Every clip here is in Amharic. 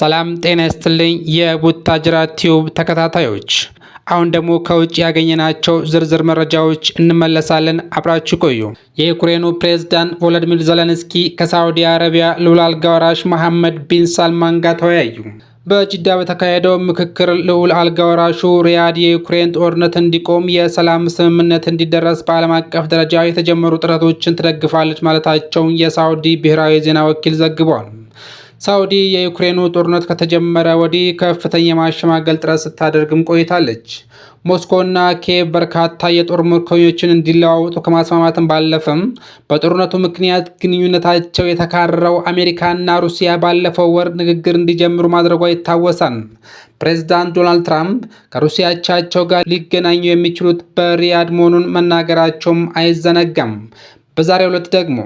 ሰላም ጤና ይስጥልኝ የቡታጅራ ቲዩብ ተከታታዮች፣ አሁን ደግሞ ከውጭ ያገኘናቸው ዝርዝር መረጃዎች እንመለሳለን። አብራችሁ ቆዩ። የዩክሬኑ ፕሬዝዳንት ቮሎዲሚር ዘለንስኪ ከሳዑዲ አረቢያ ልዑል አልጋ ወራሽ መሐመድ ቢን ሳልማን ጋር ተወያዩ። በጅዳ በተካሄደው ምክክር ልዑል አልጋ ወራሹ ሪያድ የዩክሬን ጦርነት እንዲቆም የሰላም ስምምነት እንዲደረስ በዓለም አቀፍ ደረጃ የተጀመሩ ጥረቶችን ትደግፋለች ማለታቸውን የሳዑዲ ብሔራዊ ዜና ወኪል ዘግቧል። ሳውዲ የዩክሬኑ ጦርነት ከተጀመረ ወዲህ ከፍተኛ ማሸማገል ጥረት ስታደርግም ቆይታለች። ሞስኮና ኪየቭ በርካታ የጦር ምርኮኞችን እንዲለዋወጡ ከማስማማትም ባለፈም በጦርነቱ ምክንያት ግንኙነታቸው የተካረረው አሜሪካና ሩሲያ ባለፈው ወር ንግግር እንዲጀምሩ ማድረጓ ይታወሳል። ፕሬዚዳንት ዶናልድ ትራምፕ ከሩሲያ አቻቸው ጋር ሊገናኙ የሚችሉት በሪያድ መሆኑን መናገራቸውም አይዘነጋም። በዛሬው ዕለት ደግሞ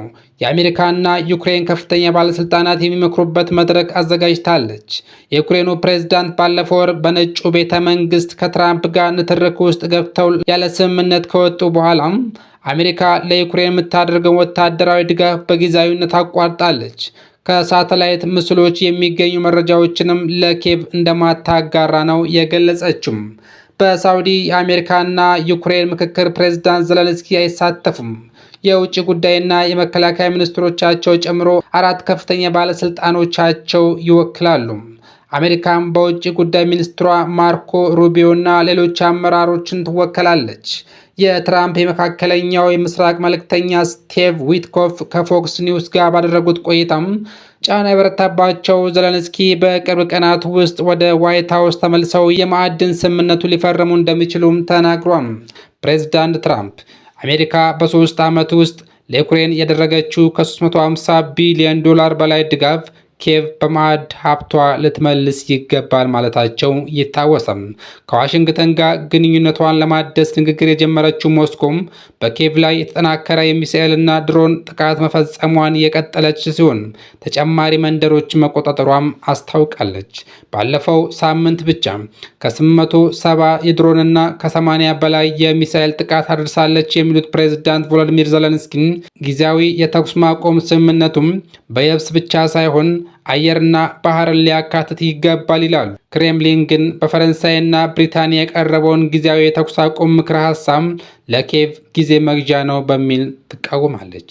የአሜሪካና ዩክሬን ከፍተኛ ባለስልጣናት የሚመክሩበት መድረክ አዘጋጅታለች። የዩክሬኑ ፕሬዝዳንት ባለፈው ወር በነጩ ቤተ መንግስት ከትራምፕ ጋር ንትርክ ውስጥ ገብተው ያለ ስምምነት ከወጡ በኋላም አሜሪካ ለዩክሬን የምታደርገው ወታደራዊ ድጋፍ በጊዜያዊነት አቋርጣለች። ከሳተላይት ምስሎች የሚገኙ መረጃዎችንም ለኬቭ እንደማታጋራ ነው የገለጸችም። በሳውዲ የአሜሪካና ዩክሬን ምክክር ፕሬዝዳንት ዘለንስኪ አይሳተፉም። የውጭ ጉዳይና የመከላከያ ሚኒስትሮቻቸው ጨምሮ አራት ከፍተኛ ባለስልጣኖቻቸው ይወክላሉ። አሜሪካም በውጭ ጉዳይ ሚኒስትሯ ማርኮ ሩቢዮና ሌሎች አመራሮችን ትወከላለች። የትራምፕ የመካከለኛው የምስራቅ መልእክተኛ ስቴቭ ዊትኮፍ ከፎክስ ኒውስ ጋር ባደረጉት ቆይታም ጫና የበረታባቸው ዘለንስኪ በቅርብ ቀናት ውስጥ ወደ ዋይት ሀውስ ተመልሰው የማዕድን ስምምነቱ ሊፈርሙ እንደሚችሉም ተናግሯል። ፕሬዚዳንት ትራምፕ አሜሪካ በሶስት ዓመት ውስጥ ለዩክሬን ያደረገችው ከ350 ቢሊዮን ዶላር በላይ ድጋፍ ኬቭ በማዕድ ሀብቷ ልትመልስ ይገባል ማለታቸው ይታወሳል። ከዋሽንግተን ጋር ግንኙነቷን ለማደስ ንግግር የጀመረችው ሞስኮም በኬቭ ላይ የተጠናከረ የሚሳኤልና ድሮን ጥቃት መፈጸሟን የቀጠለች ሲሆን ተጨማሪ መንደሮች መቆጣጠሯም አስታውቃለች። ባለፈው ሳምንት ብቻ ከ870 የድሮንና ከ80 በላይ የሚሳኤል ጥቃት አድርሳለች የሚሉት ፕሬዚዳንት ቮሎዲሚር ዘለንስኪን ጊዜያዊ የተኩስ ማቆም ስምምነቱም በየብስ ብቻ ሳይሆን አየርና ባህርን ሊያካትት ይገባል ይላሉ። ክሬምሊን ግን በፈረንሳይና ብሪታንያ የቀረበውን ጊዜያዊ የተኩስ አቁም ምክረ ሀሳብ ለኬቭ ጊዜ መግዣ ነው በሚል ትቃወማለች።